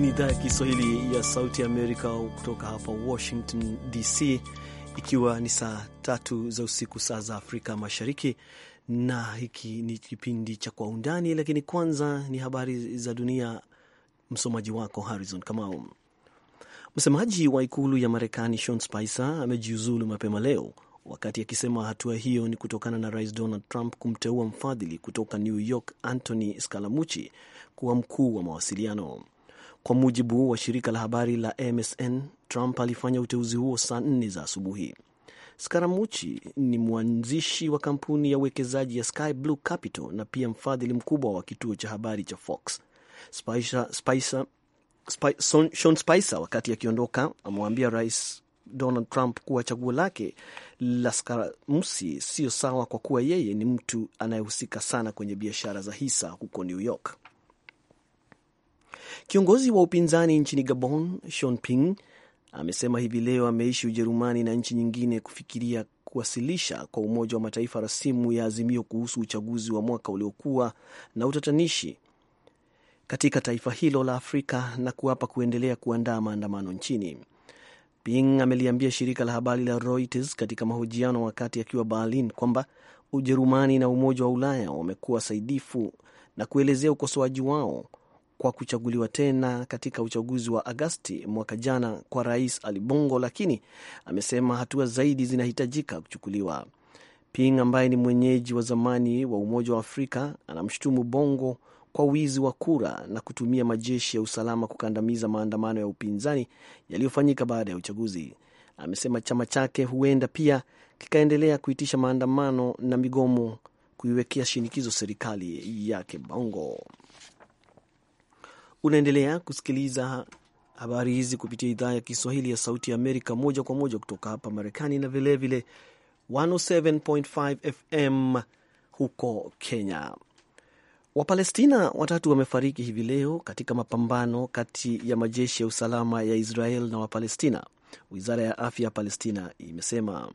Hii ni idhaa ya Kiswahili ya Sauti Amerika kutoka hapa Washington DC, ikiwa ni saa tatu za usiku saa za Afrika Mashariki, na hiki ni kipindi cha Kwa Undani. Lakini kwanza ni habari za dunia, msomaji wako Harrison Kamau. Msemaji wa ikulu ya Marekani Sean Spicer amejiuzulu mapema leo, wakati akisema hatua hiyo ni kutokana na Rais Donald Trump kumteua mfadhili kutoka New York Anthony scalamuchi kuwa mkuu wa mawasiliano. Kwa mujibu wa shirika la habari la MSN, Trump alifanya uteuzi huo saa nne za asubuhi. Skaramuchi ni mwanzishi wa kampuni ya uwekezaji ya Sky Blue Capital na pia mfadhili mkubwa wa kituo cha habari cha Fox. Spicer, Spicer, Spicer, Sean Spicer wakati akiondoka amewaambia Rais Donald Trump kuwa chaguo lake la Skaramusi sio sawa kwa kuwa yeye ni mtu anayehusika sana kwenye biashara za hisa huko New York. Kiongozi wa upinzani nchini Gabon, Jean Ping, amesema hivi leo ameishi Ujerumani na nchi nyingine kufikiria kuwasilisha kwa Umoja wa Mataifa rasimu ya azimio kuhusu uchaguzi wa mwaka uliokuwa na utatanishi katika taifa hilo la Afrika na kuapa kuendelea kuandaa maandamano nchini. Ping ameliambia shirika la habari la Reuters katika mahojiano wakati akiwa Berlin kwamba Ujerumani na Umoja wa Ulaya wamekuwa saidifu na kuelezea ukosoaji wao kwa kuchaguliwa tena katika uchaguzi wa Agasti mwaka jana kwa Rais Ali Bongo, lakini amesema hatua zaidi zinahitajika kuchukuliwa. Ping ambaye ni mwenyeji wa zamani wa Umoja wa Afrika anamshutumu Bongo kwa wizi wa kura na kutumia majeshi ya usalama kukandamiza maandamano ya upinzani yaliyofanyika baada ya uchaguzi. Amesema chama chake huenda pia kikaendelea kuitisha maandamano na migomo kuiwekea shinikizo serikali yake Bongo. Unaendelea kusikiliza habari hizi kupitia idhaa ya Kiswahili ya Sauti ya Amerika moja kwa moja kutoka hapa Marekani na vilevile 107.5 FM huko Kenya. Wapalestina watatu wamefariki hivi leo katika mapambano kati ya majeshi ya usalama ya Israel na Wapalestina, wizara ya afya ya Palestina imesema.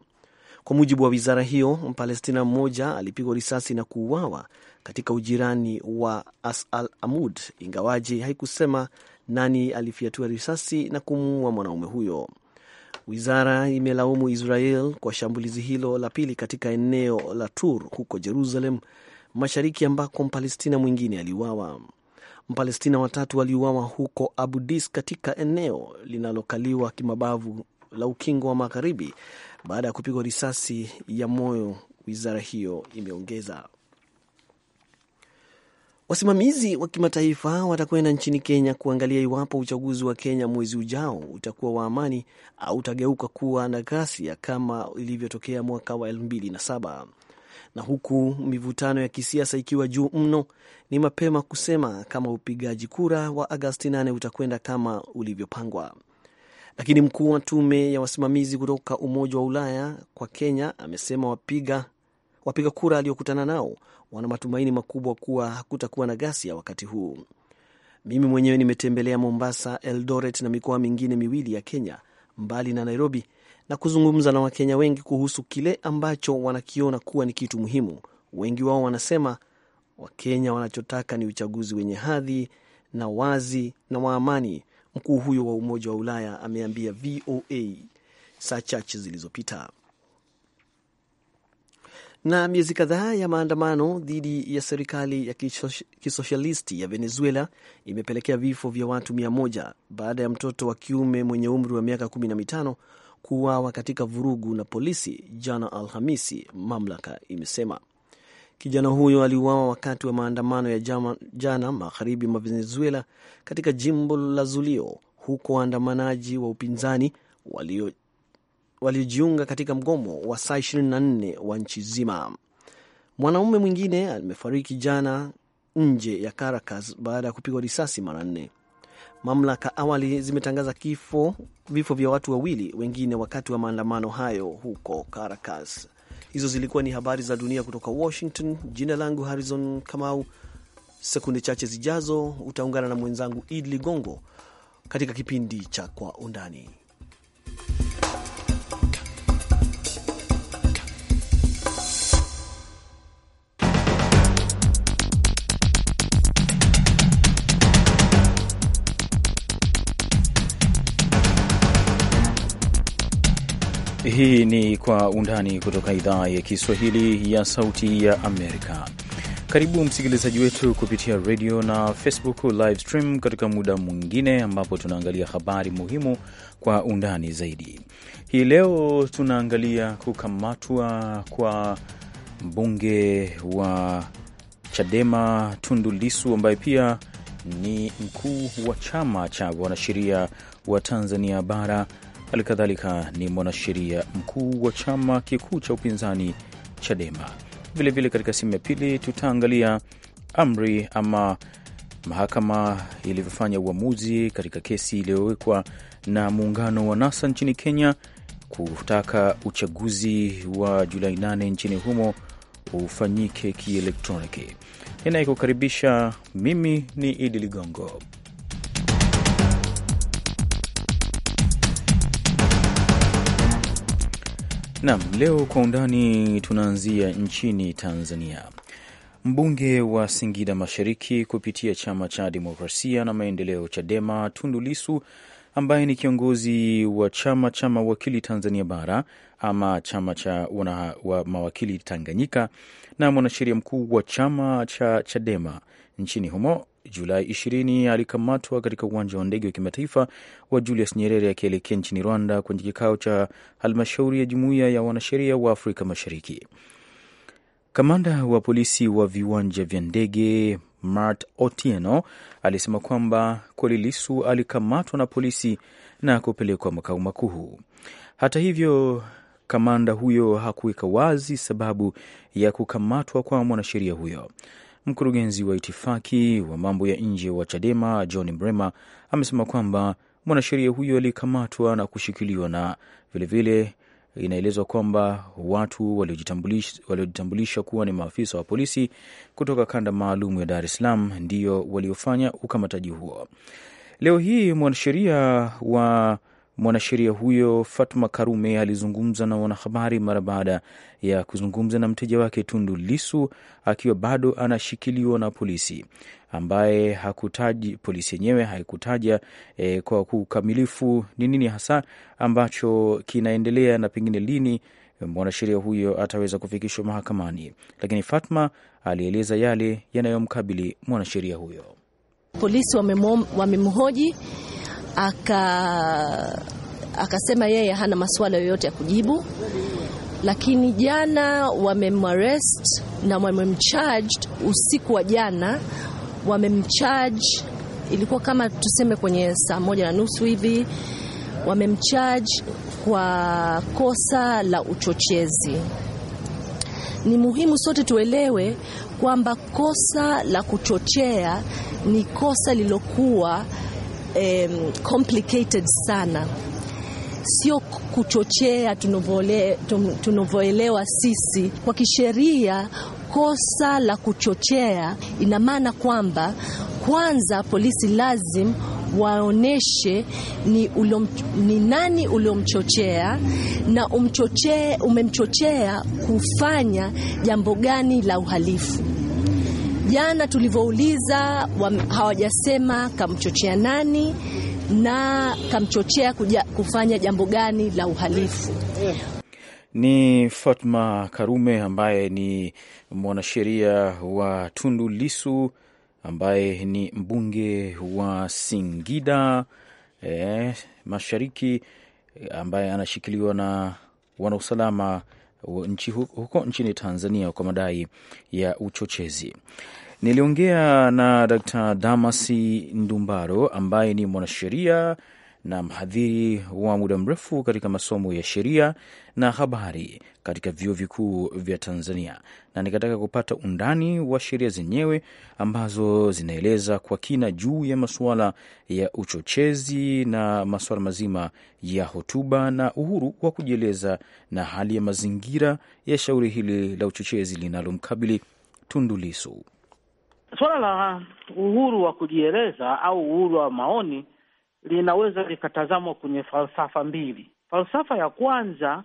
Kwa mujibu wa wizara hiyo, Mpalestina mmoja alipigwa risasi na kuuawa katika ujirani wa As Al Amud, ingawaji haikusema nani alifyatua risasi na kumuua mwanaume huyo. Wizara imelaumu Israel kwa shambulizi hilo la pili katika eneo la Tur huko Jerusalem Mashariki, ambako Mpalestina mwingine aliuawa. Mpalestina watatu waliuawa huko Abudis katika eneo linalokaliwa kimabavu la Ukingo wa Magharibi baada ya kupigwa risasi ya moyo, wizara hiyo imeongeza. Wasimamizi wa kimataifa watakwenda nchini Kenya kuangalia iwapo uchaguzi wa Kenya mwezi ujao utakuwa wa amani au utageuka kuwa na ghasia kama ilivyotokea mwaka wa saba Na huku mivutano ya kisiasa ikiwa juu mno, ni mapema kusema kama upigaji kura wa Agasti 8 utakwenda kama ulivyopangwa. Lakini mkuu wa tume ya wasimamizi kutoka Umoja wa Ulaya kwa Kenya amesema wapiga, wapiga kura aliokutana nao wana matumaini makubwa kuwa hakutakuwa na ghasia wakati huu. Mimi mwenyewe nimetembelea Mombasa, Eldoret na mikoa mingine miwili ya Kenya mbali na Nairobi na kuzungumza na Wakenya wengi kuhusu kile ambacho wanakiona kuwa ni kitu muhimu. Wengi wao wanasema Wakenya wanachotaka ni uchaguzi wenye hadhi na wazi na wa amani, Mkuu huyo wa Umoja wa Ulaya ameambia VOA saa chache zilizopita. Na miezi kadhaa ya maandamano dhidi ya serikali ya kisoshalisti ya Venezuela imepelekea vifo vya watu mia moja baada ya mtoto wa kiume mwenye umri wa miaka kumi na mitano kuuawa katika vurugu na polisi jana Alhamisi, mamlaka imesema. Kijana huyo aliuawa wakati wa maandamano ya jama, jana magharibi mwa Venezuela katika jimbo la Zulio, huko waandamanaji wa upinzani waliojiunga walio katika mgomo wa saa 24 wa nchi zima. Mwanaume mwingine amefariki jana nje ya Caracas baada ya kupigwa risasi mara nne. Mamlaka awali zimetangaza kifo vifo vya watu wawili wengine wakati wa maandamano hayo huko Caracas. Hizo zilikuwa ni habari za dunia kutoka Washington. Jina langu Harrison Kamau. Sekunde chache zijazo utaungana na mwenzangu Id Ligongo katika kipindi cha Kwa Undani. Hii ni Kwa Undani kutoka idhaa ya Kiswahili ya Sauti ya Amerika. Karibu msikilizaji wetu kupitia radio na Facebook live stream katika muda mwingine ambapo tunaangalia habari muhimu kwa undani zaidi. Hii leo tunaangalia kukamatwa kwa mbunge wa Chadema Tundu Lisu ambaye pia ni mkuu wa chama cha wanasheria wa Tanzania bara halikadhalika ni mwanasheria mkuu wa chama kikuu cha upinzani Chadema. Vilevile, katika sehemu ya pili tutaangalia amri ama mahakama ilivyofanya uamuzi katika kesi iliyowekwa na muungano wa NASA nchini Kenya kutaka uchaguzi wa Julai 8 nchini humo ufanyike kielektroniki. Ninayekukaribisha mimi ni Idi Ligongo. Naam, leo kwa undani tunaanzia nchini Tanzania. Mbunge wa Singida Mashariki kupitia chama cha demokrasia na maendeleo Chadema, Tundu Lisu ambaye ni kiongozi wa chama cha mawakili Tanzania Bara ama chama cha wana wa mawakili Tanganyika na mwanasheria mkuu wa chama cha Chadema nchini humo Julai 20 alikamatwa katika uwanja wa ndege wa kimataifa wa Julius Nyerere akielekea nchini Rwanda kwenye kikao cha halmashauri ya jumuiya ya wanasheria wa Afrika Mashariki. Kamanda wa polisi wa viwanja vya ndege Mart Otieno alisema kwamba Kweli Lisu alikamatwa na polisi na kupelekwa makao makuu. Hata hivyo, kamanda huyo hakuweka wazi sababu ya kukamatwa kwa mwanasheria huyo. Mkurugenzi wa itifaki wa mambo ya nje wa Chadema John Mrema amesema kwamba mwanasheria huyo alikamatwa na kushikiliwa, na vilevile inaelezwa kwamba watu waliojitambulisha kuwa ni maafisa wa polisi kutoka kanda maalum ya Dar es Salaam ndio waliofanya ukamataji huo. Leo hii mwanasheria wa Mwanasheria huyo Fatma Karume alizungumza na wanahabari mara baada ya kuzungumza na mteja wake Tundu Lisu akiwa bado anashikiliwa na polisi, ambaye hakutaji polisi yenyewe haikutaja e, kwa kukamilifu ni nini hasa ambacho kinaendelea na pengine lini mwanasheria huyo ataweza kufikishwa mahakamani, lakini Fatma alieleza yale yanayomkabili mwanasheria huyo. Polisi wamemhoji aka akasema yeye hana masuala yoyote ya kujibu, lakini jana wamemarest na wamemcharged usiku wa jana wamemcharge, ilikuwa kama tuseme kwenye saa moja na nusu hivi, wamemcharge kwa kosa la uchochezi. Ni muhimu sote tuelewe kwamba kosa la kuchochea ni kosa lilokuwa um, complicated sana, sio kuchochea tunavyoelewa sisi kwa kisheria. Kosa la kuchochea ina maana kwamba kwanza polisi lazima waoneshe ni, ulom, ni nani uliomchochea na umemchochea kufanya jambo gani la uhalifu. Jana tulivyouliza hawajasema kamchochea nani na kamchochea kuja kufanya jambo gani la uhalifu. Ni Fatma Karume ambaye ni mwanasheria wa Tundu Lisu ambaye ni mbunge wa Singida eh, Mashariki ambaye anashikiliwa na wanausalama nchi huko nchini Tanzania kwa madai ya uchochezi. Niliongea na d Damasi Ndumbaro ambaye ni mwanasheria na mhadhiri wa muda mrefu katika masomo ya sheria na habari katika vyuo vikuu vya Tanzania, na nikataka kupata undani wa sheria zenyewe ambazo zinaeleza kwa kina juu ya masuala ya uchochezi na masuala mazima ya hotuba na uhuru wa kujieleza na hali ya mazingira ya shauri hili la uchochezi linalomkabili Tundu Lissu. Suala la uhuru wa kujieleza au uhuru wa maoni linaweza likatazamwa kwenye falsafa mbili. Falsafa ya kwanza,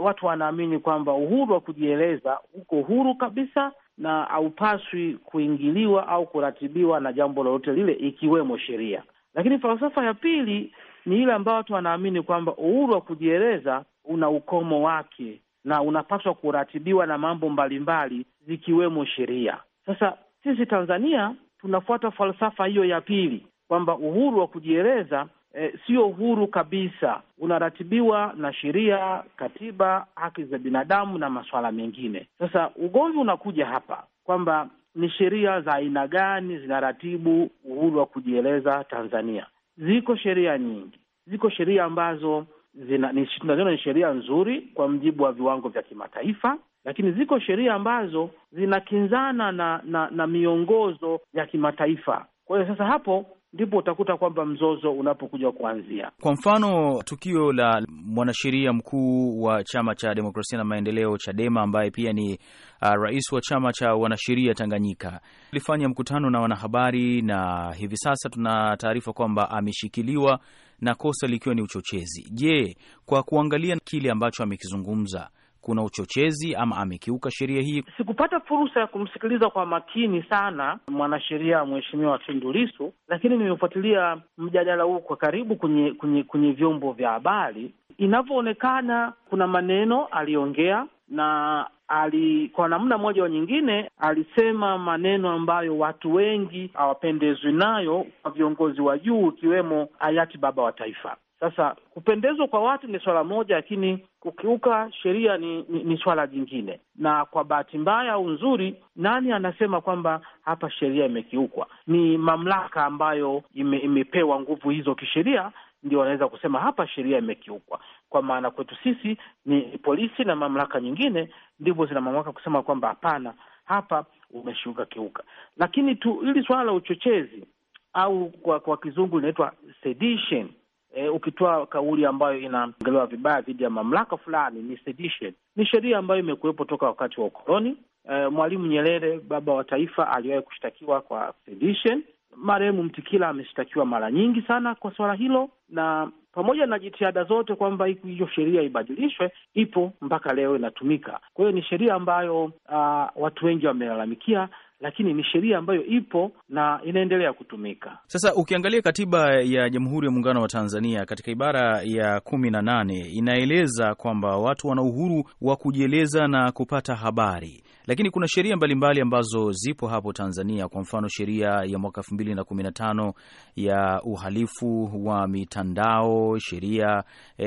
watu wanaamini kwamba uhuru wa kujieleza uko huru kabisa na haupaswi kuingiliwa au kuratibiwa na jambo lolote lile, ikiwemo sheria. Lakini falsafa ya pili ni ile ambayo watu wanaamini kwamba uhuru wa kujieleza una ukomo wake na unapaswa kuratibiwa na mambo mbalimbali, zikiwemo sheria. Sasa sisi Tanzania tunafuata falsafa hiyo ya pili kwamba uhuru wa kujieleza e, sio uhuru kabisa, unaratibiwa na sheria, katiba, haki za binadamu na masuala mengine. Sasa ugomvi unakuja hapa kwamba ni sheria za aina gani zinaratibu uhuru wa kujieleza Tanzania? Ziko sheria nyingi, ziko sheria ambazo zina, ni sheria nzuri kwa mujibu wa viwango vya kimataifa lakini ziko sheria ambazo zinakinzana na, na, na miongozo ya kimataifa. Kwa hiyo sasa hapo ndipo utakuta kwamba mzozo unapokuja kuanzia. Kwa mfano, tukio la mwanasheria mkuu wa chama cha demokrasia na maendeleo Chadema, ambaye pia ni uh, rais wa chama cha wanasheria Tanganyika, alifanya mkutano na wanahabari, na hivi sasa tuna taarifa kwamba ameshikiliwa na kosa likiwa ni uchochezi. Je, kwa kuangalia kile ambacho amekizungumza kuna uchochezi ama amekiuka sheria hii? Sikupata fursa ya kumsikiliza kwa makini sana mwanasheria Mheshimiwa Tundu Lissu, lakini nimefuatilia mjadala huu kwa karibu kwenye kwenye kwenye vyombo vya habari. Inavyoonekana kuna maneno aliongea na ali kwa namna moja au nyingine alisema maneno ambayo watu wengi hawapendezwi nayo kwa viongozi wa juu ikiwemo hayati baba wa taifa. Sasa kupendezwa kwa watu ni swala moja, lakini kukiuka sheria ni, ni, ni swala jingine. Na kwa bahati mbaya au nzuri, nani anasema kwamba hapa sheria imekiukwa? Ni mamlaka ambayo ime, imepewa nguvu hizo kisheria ndio wanaweza kusema hapa sheria imekiukwa. Kwa maana kwetu sisi ni polisi na mamlaka nyingine, ndivyo zina mamlaka kusema kwamba hapana, hapa umeshuka kiuka. Lakini tu hili swala la uchochezi au kwa, kwa kizungu linaitwa sedition E, ukitoa kauli ambayo inaongelewa vibaya dhidi ya mamlaka fulani ni sedition. Ni sheria ambayo imekuwepo toka wakati wa ukoloni. E, Mwalimu Nyerere baba wa taifa aliwahi kushtakiwa kwa sedition. Marehemu Mtikila ameshtakiwa mara nyingi sana kwa suala hilo, na pamoja na jitihada zote kwamba hiyo sheria ibadilishwe, ipo mpaka leo inatumika. Kwa hiyo ni sheria ambayo uh, watu wengi wamelalamikia, lakini ni sheria ambayo ipo na inaendelea kutumika. Sasa ukiangalia katiba ya Jamhuri ya Muungano wa Tanzania katika ibara ya kumi na nane inaeleza kwamba watu wana uhuru wa kujieleza na kupata habari lakini kuna sheria mbalimbali ambazo zipo hapo Tanzania. Kwa mfano sheria ya mwaka elfu mbili na kumi na tano ya uhalifu wa mitandao, sheria e,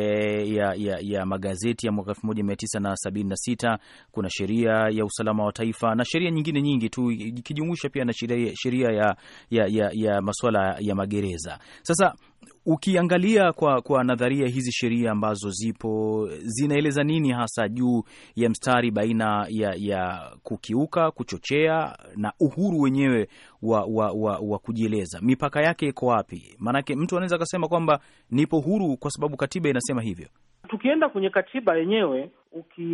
ya, ya, ya magazeti ya mwaka elfu moja mia tisa na sabini na sita kuna sheria ya usalama wa taifa na sheria nyingine nyingi tu, ikijumuisha pia na sheria ya, ya, ya, ya masuala ya magereza. Sasa Ukiangalia kwa, kwa nadharia hizi sheria ambazo zipo zinaeleza nini hasa juu ya mstari baina ya, ya kukiuka, kuchochea na uhuru wenyewe wa, wa, wa, wa kujieleza? Mipaka yake iko wapi? Maanake mtu anaweza akasema kwamba nipo huru kwa sababu katiba inasema hivyo. Tukienda kwenye katiba yenyewe uki,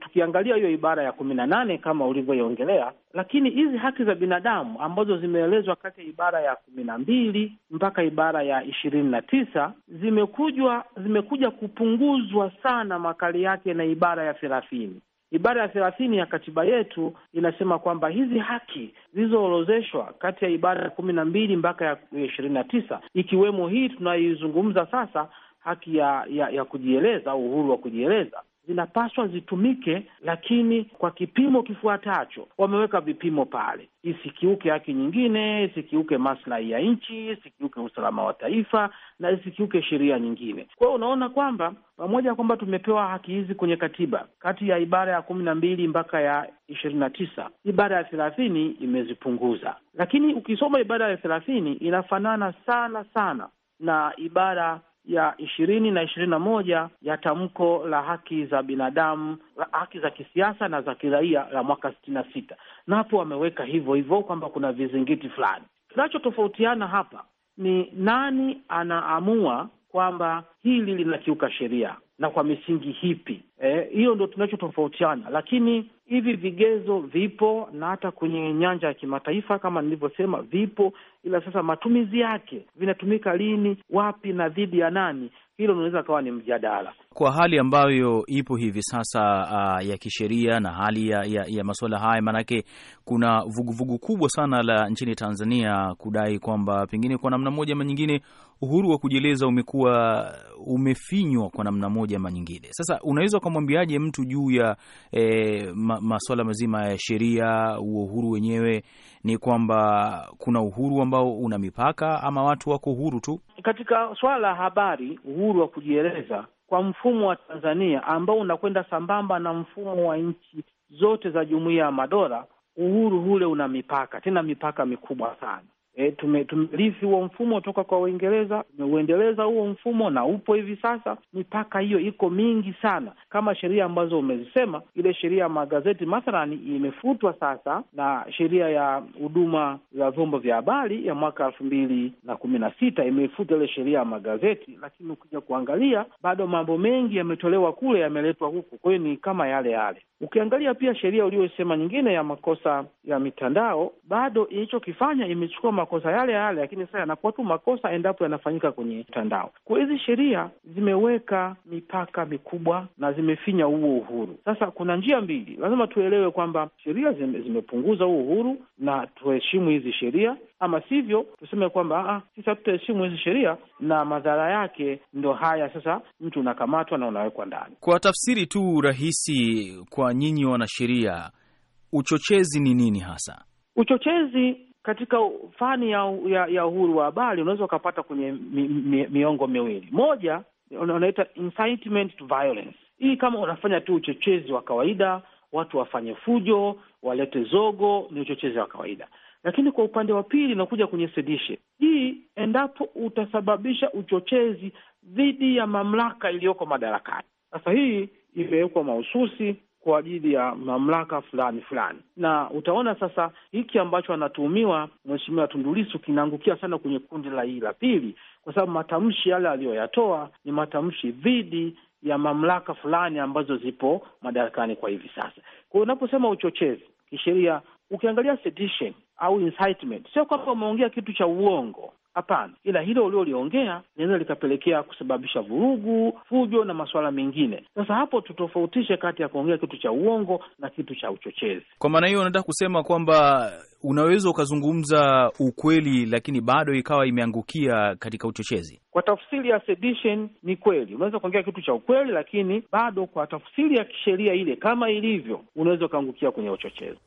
tukiangalia hiyo ibara ya kumi na nane kama ulivyoiongelea, lakini hizi haki za binadamu ambazo zimeelezwa kati ya ibara ya kumi na mbili mpaka ibara ya ishirini na tisa zimekujwa zimekuja kupunguzwa sana makali yake na ibara ya thelathini. Ibara ya thelathini ya katiba yetu inasema kwamba hizi haki zilizoorozeshwa kati ya ibara ya kumi na mbili mpaka ya ishirini na tisa ikiwemo hii tunayoizungumza sasa haki ya, ya, ya kujieleza au uhuru wa kujieleza zinapaswa zitumike, lakini kwa kipimo kifuatacho. Wameweka vipimo pale, isikiuke haki nyingine, isikiuke maslahi ya nchi, isikiuke usalama wa taifa na isikiuke sheria nyingine. Kwa hiyo unaona kwamba pamoja kwamba tumepewa haki hizi kwenye katiba, kati ya ibara ya kumi na mbili mpaka ya ishirini na tisa ibara ya thelathini imezipunguza, lakini ukisoma ibara ya thelathini inafanana sana sana na ibara ya ishirini na ishirini na moja ya tamko la haki za binadamu, haki za kisiasa na za kiraia la mwaka sitini na sita napo wameweka hivyo hivyo kwamba kuna vizingiti fulani. Kinachotofautiana hapa ni nani anaamua kwamba hili linakiuka sheria na kwa misingi hipi? Eh, hiyo eh, ndio tunachotofautiana, lakini Hivi vigezo vipo na hata kwenye nyanja ya kimataifa kama nilivyosema vipo, ila sasa matumizi yake, vinatumika lini, wapi na dhidi ya nani, hilo linaweza kawa ni mjadala. Kwa hali ambayo ipo hivi sasa uh, ya kisheria na hali ya, ya, ya masuala haya, maanake kuna vuguvugu vugu kubwa sana la nchini Tanzania kudai kwamba pengine kwa namna moja ama nyingine uhuru wa kujieleza umekuwa umefinywa kwa namna moja ama nyingine. Sasa unaweza ukamwambiaje mtu juu ya eh, masuala mazima ya sheria, huo uhuru wenyewe ni kwamba kuna uhuru ambao una mipaka, ama watu wako uhuru tu katika swala la habari, uhuru wa kujieleza kwa mfumo wa Tanzania ambao unakwenda sambamba na mfumo wa nchi zote za Jumuiya ya Madola. Uhuru ule una mipaka, tena mipaka mikubwa sana. E, tumerithi huo mfumo toka kwa Uingereza, tumeuendeleza huo mfumo na upo hivi sasa. Mipaka hiyo iko mingi sana, kama sheria ambazo umezisema. Ile sheria ya magazeti mathalani imefutwa sasa na sheria ya huduma za vyombo vya habari ya mwaka elfu mbili na kumi na sita imefuta ile sheria ya magazeti, lakini ukija kuangalia bado mambo mengi yametolewa kule, yameletwa huku, kwa hiyo ni kama yale yale. Ukiangalia pia sheria uliyosema nyingine ya makosa ya mitandao, bado ilichokifanya imechukua makosa yale yale, lakini sasa yanakuwa tu makosa endapo yanafanyika kwenye mitandao. Kwa hizi sheria zimeweka mipaka mikubwa na zimefinya huo uhuru. Sasa kuna njia mbili, lazima tuelewe kwamba sheria zime, zimepunguza huo uhuru na tuheshimu hizi sheria, ama sivyo tuseme kwamba ah, sisi hatutaheshimu hizi sheria, na madhara yake ndo haya sasa, mtu unakamatwa na unawekwa ndani. Kwa tafsiri tu rahisi kwa nyinyi wanasheria, uchochezi ni nini hasa? Uchochezi katika fani ya, ya, ya uhuru wa habari unaweza ukapata kwenye mi, mi, miongo miwili. Moja unaita incitement to violence. Hii kama unafanya tu uchochezi wa kawaida, watu wafanye fujo, walete zogo, ni uchochezi wa kawaida. Lakini kwa upande wa pili inakuja kwenye sedishe hii, endapo utasababisha uchochezi dhidi ya mamlaka iliyoko madarakani. Sasa hii imewekwa mahususi kwa ajili ya mamlaka fulani fulani, na utaona sasa hiki ambacho anatuhumiwa Mheshimiwa Tundu Lissu kinaangukia sana kwenye kundi la hii la pili, kwa sababu matamshi yale aliyoyatoa ni matamshi dhidi ya mamlaka fulani ambazo zipo madarakani kwa hivi sasa. Kwa hiyo unaposema uchochezi kisheria, ukiangalia sedition au incitement. Sio kwamba umeongea kitu cha uongo, hapana, ila hilo ulioliongea linaweza likapelekea kusababisha vurugu, fujo na masuala mengine. Sasa hapo tutofautishe kati ya kuongea kitu cha uongo na kitu cha uchochezi. Kwa maana hiyo, unataka kusema kwamba unaweza ukazungumza ukweli lakini bado ikawa imeangukia katika uchochezi. Kwa tafsiri ya sedition, ni kweli unaweza kuongea kitu cha ukweli, lakini bado kwa tafsiri ya kisheria ile kama ilivyo, unaweza ukaangukia kwenye uchochezi.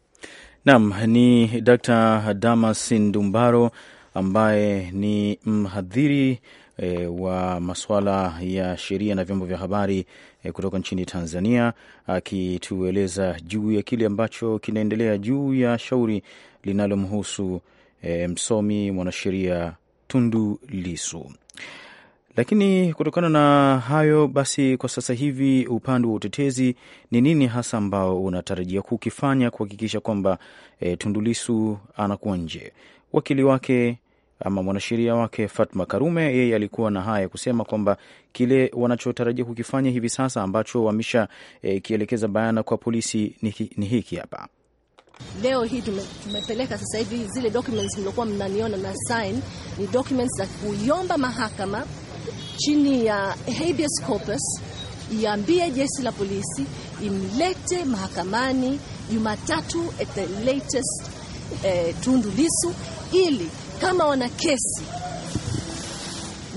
Nam ni Dr. Damas Ndumbaro ambaye ni mhadhiri e, wa masuala ya sheria na vyombo vya habari e, kutoka nchini Tanzania akitueleza juu ya kile ambacho kinaendelea juu ya shauri linalomhusu e, msomi mwanasheria Tundu Lisu. Lakini kutokana na hayo basi, kwa sasa hivi upande wa utetezi ni nini hasa ambao unatarajia kukifanya kuhakikisha kwamba e, eh, Tundulisu anakuwa nje? Wakili wake ama mwanasheria wake Fatma Karume yeye alikuwa na haya kusema kwamba kile wanachotarajia kukifanya hivi sasa ambacho wamesha e, kielekeza bayana kwa polisi ni hiki hapa. Leo hii tume, tumepeleka sasa hivi zile documents mliokuwa mnaniona na sign ni documents za kuiomba mahakama chini ya habeas corpus iambie jeshi la polisi imlete mahakamani Jumatatu at the latest eh, Tundu Lissu ili kama wana kesi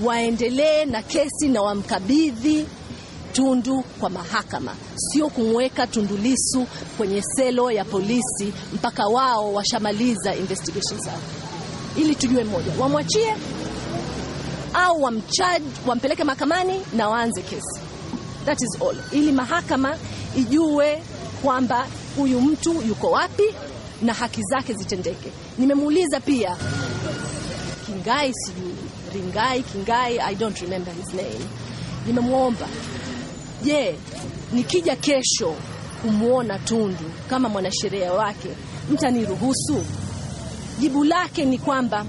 waendelee na kesi na wamkabidhi Tundu kwa mahakama, sio kumweka Tundu Lissu kwenye selo ya polisi mpaka wao washamaliza investigation zao, ili tujue moja, wamwachie au wamcharge wampeleke mahakamani na waanze kesi. That is all, ili mahakama ijue kwamba huyu mtu yuko wapi na haki zake zitendeke. Nimemuuliza pia Kingai, sijui Ringai, Kingai, I don't remember his name. Nimemwomba, je, yeah, nikija kesho kumwona Tundu kama mwanasheria wake mtaniruhusu? Jibu lake ni kwamba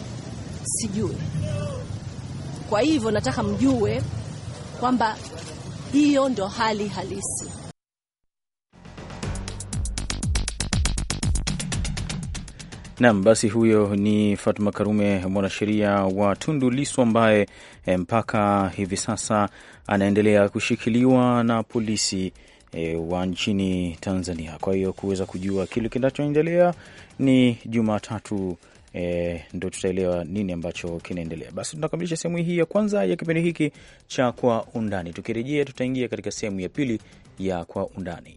sijui. Kwa hivyo nataka mjue kwamba hiyo ndo hali halisi. Nam, basi huyo ni Fatma Karume, mwanasheria wa Tundu Lissu ambaye e, mpaka hivi sasa anaendelea kushikiliwa na polisi e, wa nchini Tanzania. Kwa hiyo kuweza kujua kile kinachoendelea ni Jumatatu e, ndo tutaelewa nini ambacho kinaendelea. Basi tunakamilisha sehemu hii ya kwanza ya kipindi hiki cha Kwa Undani. Tukirejea tutaingia katika sehemu ya pili ya Kwa Undani.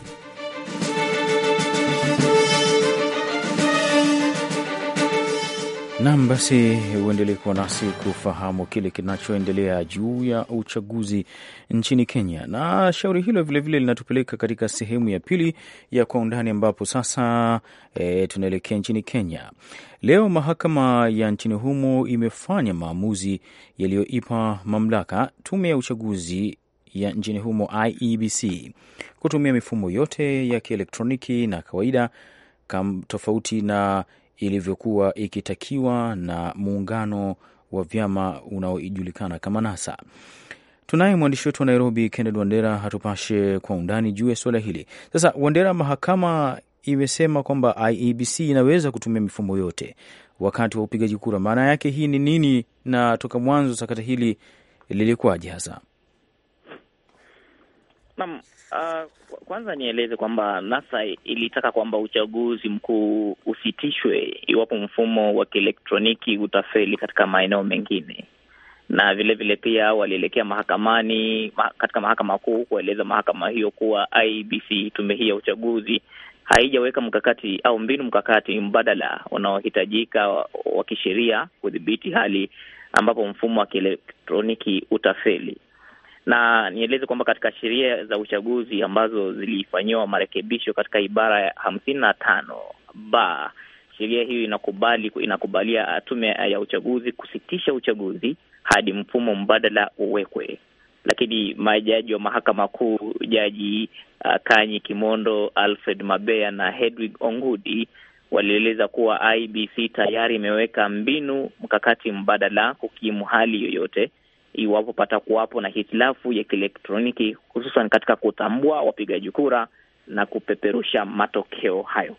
Nam, basi uendelee kuwa nasi kufahamu kile kinachoendelea juu ya uchaguzi nchini Kenya, na shauri hilo vilevile linatupeleka katika sehemu ya pili ya Kwa Undani, ambapo sasa e, tunaelekea nchini Kenya. Leo mahakama ya nchini humo imefanya maamuzi yaliyoipa mamlaka tume ya uchaguzi ya nchini humo IEBC kutumia mifumo yote ya kielektroniki na kawaida kam, tofauti na ilivyokuwa ikitakiwa na muungano wa vyama unaojulikana kama NASA. Tunaye mwandishi wetu wa Nairobi, Kenneth Wandera, hatupashe kwa undani juu ya suala hili. Sasa Wandera, mahakama imesema kwamba IEBC inaweza kutumia mifumo yote wakati wa upigaji kura. Maana yake hii ni nini, na toka mwanzo sakata hili lilikuwaje hasa? Naam, Uh, kwanza nieleze kwamba NASA ilitaka kwamba uchaguzi mkuu usitishwe iwapo mfumo wa kielektroniki utafeli katika maeneo mengine, na vilevile vile pia walielekea mahakamani ma, katika mahakama kuu kueleza mahakama hiyo kuwa IBC, tume hii ya uchaguzi, haijaweka mkakati au mbinu mkakati mbadala unaohitajika wa kisheria kudhibiti hali ambapo mfumo wa kielektroniki utafeli na nieleze kwamba katika sheria za uchaguzi ambazo zilifanyiwa marekebisho katika ibara ya hamsini na tano ba sheria hiyo inakubali inakubalia tume ya uchaguzi kusitisha uchaguzi hadi mfumo mbadala uwekwe. Lakini majaji wa mahakama kuu, jaji uh, Kanyi Kimondo, Alfred Mabea na Hedwig Ongudi walieleza kuwa IBC tayari imeweka mbinu mkakati mbadala kukimu hali yoyote iwapo kuwapo na hitilafu ya kielektroniki hususan katika kutambua wapigaji kura na kupeperusha matokeo hayo.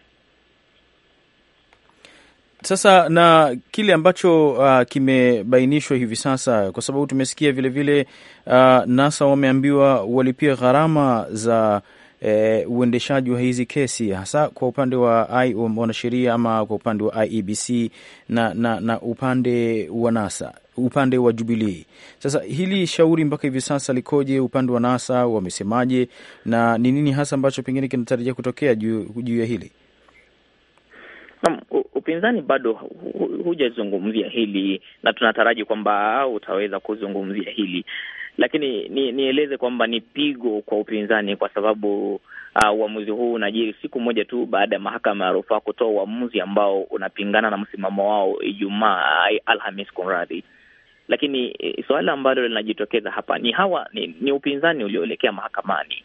Sasa na kile ambacho uh, kimebainishwa hivi sasa, kwa sababu tumesikia vilevile vile, uh, NASA wameambiwa walipia gharama za eh, uendeshaji wa hizi kesi hasa kwa upande wa um, wanasheria ama kwa upande wa IEBC na, na, na upande wa NASA upande wa Jubilii. Sasa hili shauri mpaka hivi sasa likoje? Upande wa NASA wamesemaje, na ni nini hasa ambacho pengine kinatarajia kutokea juu juu ya hili? Upinzani bado hujazungumzia hili na tunataraji kwamba utaweza kuzungumzia hili lakini nieleze ni kwamba ni pigo kwa upinzani kwa sababu uh, uamuzi huu unajiri siku moja tu baada ya mahakama ya rufaa kutoa uamuzi ambao unapingana na msimamo wao Ijumaa, Alhamis kunradhi. Lakini eh, suala ambalo linajitokeza hapa ni hawa ni, ni upinzani ulioelekea mahakamani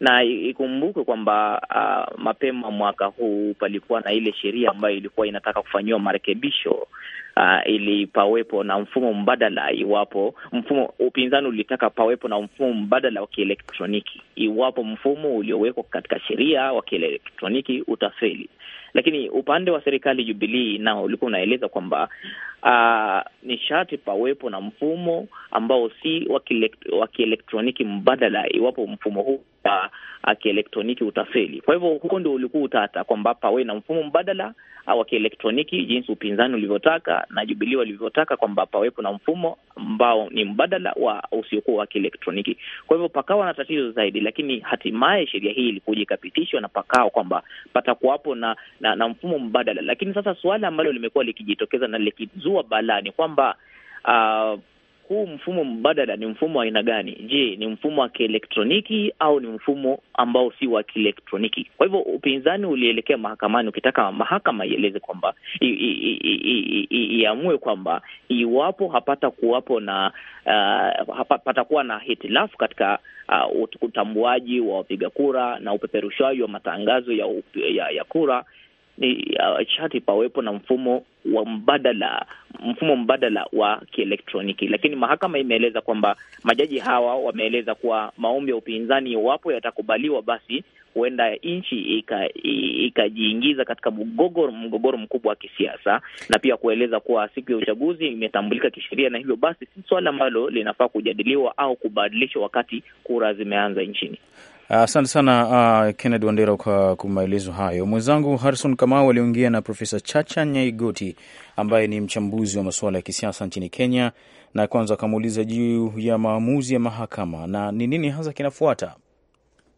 na ikumbukwe kwamba uh, mapema mwaka huu palikuwa na ile sheria ambayo ilikuwa inataka kufanyiwa marekebisho uh, ili pawepo na mfumo mbadala iwapo mfumo upinzani ulitaka pawepo na mfumo mbadala wa kielektroniki iwapo mfumo uliowekwa katika sheria wa kielektroniki utafeli. Lakini upande wa serikali Jubilii nao ulikuwa unaeleza kwamba uh, ni sharti pawepo na mfumo ambao si wa kielektroniki mbadala iwapo mfumo huu ka uh, kielektroniki utafeli. Kwa hivyo huko ndio ulikuwa utata kwamba pawe na mfumo mbadala uh, wa kielektroniki jinsi upinzani ulivyotaka na Jubilee walivyotaka kwamba pawepo na mfumo ambao ni mbadala wa usiokuwa wa kielektroniki. Kwa hivyo pakawa na tatizo zaidi, lakini hatimaye sheria hii ilikuja ikapitishwa na pakao kwamba patakuwapo na, na, na mfumo mbadala. Lakini sasa suala ambalo limekuwa likijitokeza na likizua balaa ni kwamba uh, huu mfumo mbadala ni mfumo wa aina gani? Je, ni mfumo wa kielektroniki au ni mfumo ambao si wa kielektroniki? Kwa hivyo upinzani ulielekea mahakamani ukitaka mahakama ieleze kwamba iamue kwamba iwapo hapata kuwapo na uh, hapa, patakuwa na hitilafu katika uh, utambuaji wa wapiga kura na upeperushaji wa matangazo ya, ya, ya kura ni uh, sharti pawepo na mfumo wa mbadala, mfumo mbadala wa kielektroniki. Lakini mahakama imeeleza kwamba majaji hawa wameeleza kuwa maombi ya upinzani, iwapo yatakubaliwa, basi huenda nchi ikajiingiza katika mgogoro mgogoro mkubwa wa kisiasa, na pia kueleza kuwa siku ya uchaguzi imetambulika kisheria, na hivyo basi si suala ambalo linafaa kujadiliwa au kubadilishwa wakati kura zimeanza nchini. Ah, asante uh, sana uh, Kennedy Wandera kwa maelezo hayo. Mwenzangu Harrison Kamau aliongea na Profesa Chacha Nyaigoti ambaye ni mchambuzi wa masuala ya kisiasa nchini Kenya, na kwanza akamuuliza juu ya maamuzi ya mahakama na ni nini hasa kinafuata.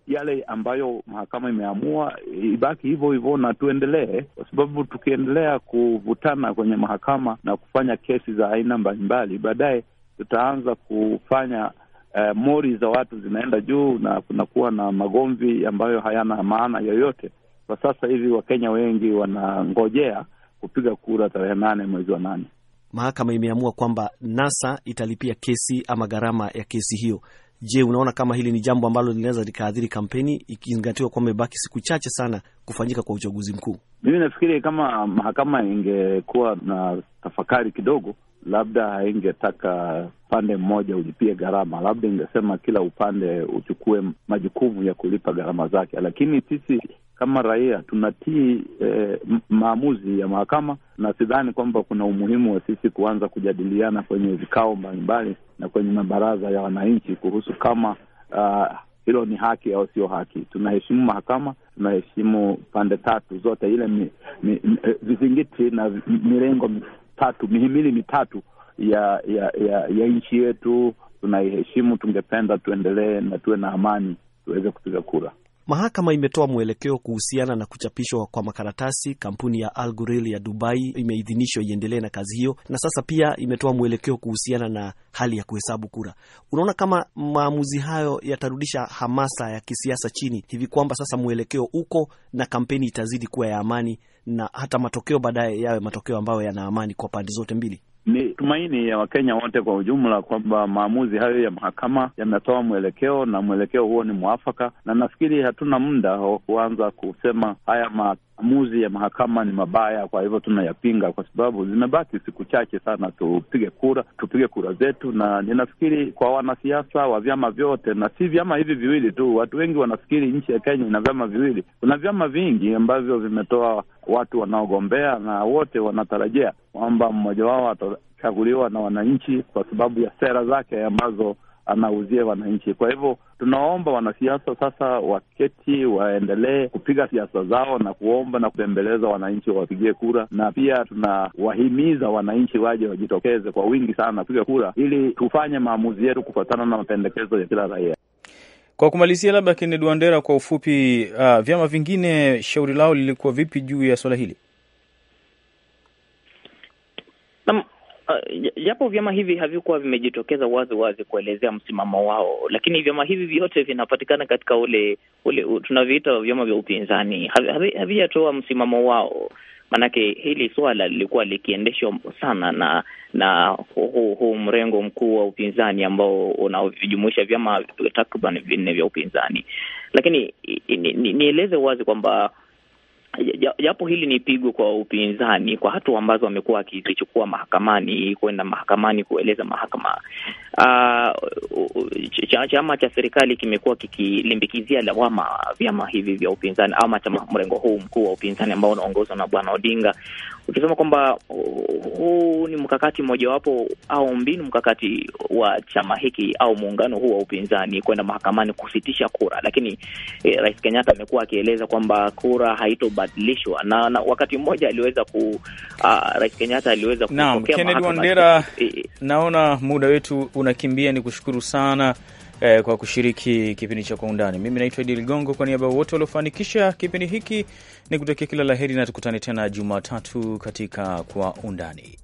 Yale ambayo mahakama imeamua ibaki hivyo hivyo na tuendelee, kwa sababu tukiendelea kuvutana kwenye mahakama na kufanya kesi za aina mbalimbali, baadaye tutaanza kufanya eh, mori za watu zinaenda juu na kunakuwa na magomvi ambayo hayana maana yoyote. Kwa sasa hivi Wakenya wengi wanangojea kupiga kura tarehe nane mwezi wa nane. Mahakama imeamua kwamba NASA italipia kesi ama gharama ya kesi hiyo. Je, unaona kama hili ni jambo ambalo linaweza likaathiri kampeni ikizingatiwa kwamba imebaki siku chache sana kufanyika kwa uchaguzi mkuu? Mimi nafikiri kama mahakama ingekuwa na tafakari kidogo labda haingetaka upande mmoja ulipie gharama, labda ingesema kila upande uchukue majukumu ya kulipa gharama zake, lakini sisi kama raia tunatii eh, maamuzi ya mahakama, na sidhani kwamba kuna umuhimu wa sisi kuanza kujadiliana kwenye vikao mbalimbali na kwenye mabaraza ya wananchi kuhusu kama uh, hilo ni haki au sio haki. Tunaheshimu mahakama, tunaheshimu pande tatu zote, ile mi, mi, mi, eh, vizingiti na mirengo tatu, mihimili mitatu ya ya ya, ya nchi yetu tunaiheshimu. Tungependa tuendelee na tuwe na amani, tuweze kupiga kura. Mahakama imetoa mwelekeo kuhusiana na kuchapishwa kwa makaratasi. Kampuni ya Al Ghurair ya Dubai imeidhinishwa iendelee na kazi hiyo, na sasa pia imetoa mwelekeo kuhusiana na hali ya kuhesabu kura. Unaona kama maamuzi hayo yatarudisha hamasa ya kisiasa chini hivi kwamba sasa mwelekeo uko na kampeni itazidi kuwa ya amani na hata matokeo baadaye yawe matokeo ambayo yana amani kwa pande zote mbili. Ni tumaini ya Wakenya wote kwa ujumla kwamba maamuzi hayo ya mahakama yametoa mwelekeo na mwelekeo huo ni mwafaka, na nafikiri hatuna muda wa kuanza kusema haya ma maamuzi ya mahakama ni mabaya, kwa hivyo tunayapinga, kwa sababu zimebaki siku chache sana tupige kura, tupige kura zetu. Na ninafikiri kwa wanasiasa wa vyama vyote, na si vyama hivi viwili tu. Watu wengi wanafikiri nchi ya Kenya ina vyama viwili. Kuna vyama vingi ambavyo vimetoa watu wanaogombea, na wote wanatarajia kwamba mmoja wao atachaguliwa na wananchi kwa sababu ya sera zake ambazo anauzia wananchi. Kwa hivyo tunaomba wanasiasa sasa waketi, waendelee kupiga siasa zao na kuomba na kutembeleza wananchi wawapigie kura, na pia tunawahimiza wananchi waje wajitokeze kwa wingi sana kupiga kura, ili tufanye maamuzi yetu kufuatana na mapendekezo ya kila raia. Kwa kumalizia, labda Kennedy Wandera, kwa ufupi, uh, vyama vingine shauri lao lilikuwa vipi juu ya swala hili? Uh, japo vyama hivi havikuwa vimejitokeza wazi wazi kuelezea msimamo wao, lakini vyama hivi vyote vinapatikana katika ule ule tunavyoita vyama vya upinzani. Havijatoa msimamo wao, maanake hili swala lilikuwa likiendeshwa sana na na huu hu mrengo mkuu wa upinzani ambao unaojumuisha vyama takriban vinne vya upinzani, lakini nieleze ni, ni wazi kwamba japo hili ni pigo kwa upinzani kwa hatua ambazo wamekuwa akizichukua mahakamani, kwenda mahakamani kueleza mahakama. Uh, ch chama cha serikali kimekuwa kikilimbikizia lawama vyama hivi vya upinzani ama chama mrengo huu mkuu wa upinzani ambao unaongozwa na Bwana Odinga, ukisema kwamba huu ni mkakati mmojawapo au mbinu mkakati wa chama hiki au muungano huu wa upinzani kwenda mahakamani kusitisha kura, lakini eh, Rais Kenyatta amekuwa akieleza kwamba kura haitobadilika kubadilishwa na, na wakati mmoja aliweza ku uh, Rais Kenyatta aliweza kupokea. Kennedy Wandera, naona muda wetu unakimbia, ni kushukuru sana eh, kwa kushiriki kipindi cha Kwa Undani. Mimi naitwa Idi Ligongo, kwa niaba ya wote waliofanikisha kipindi hiki ni kutakia kila la heri na tukutane tena Jumatatu katika Kwa Undani.